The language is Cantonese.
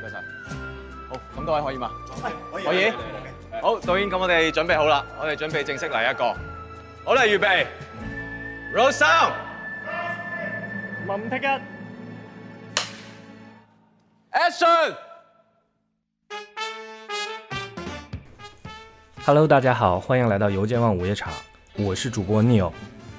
多謝，好，咁多位可以嗎？可以，好，導演，咁我哋準備好啦，我哋準備正式嚟一個，好啦，預備，Roll sound 林聽一，Action，Hello，大家好，歡迎來到油尖旺午夜場，我是主播 Neil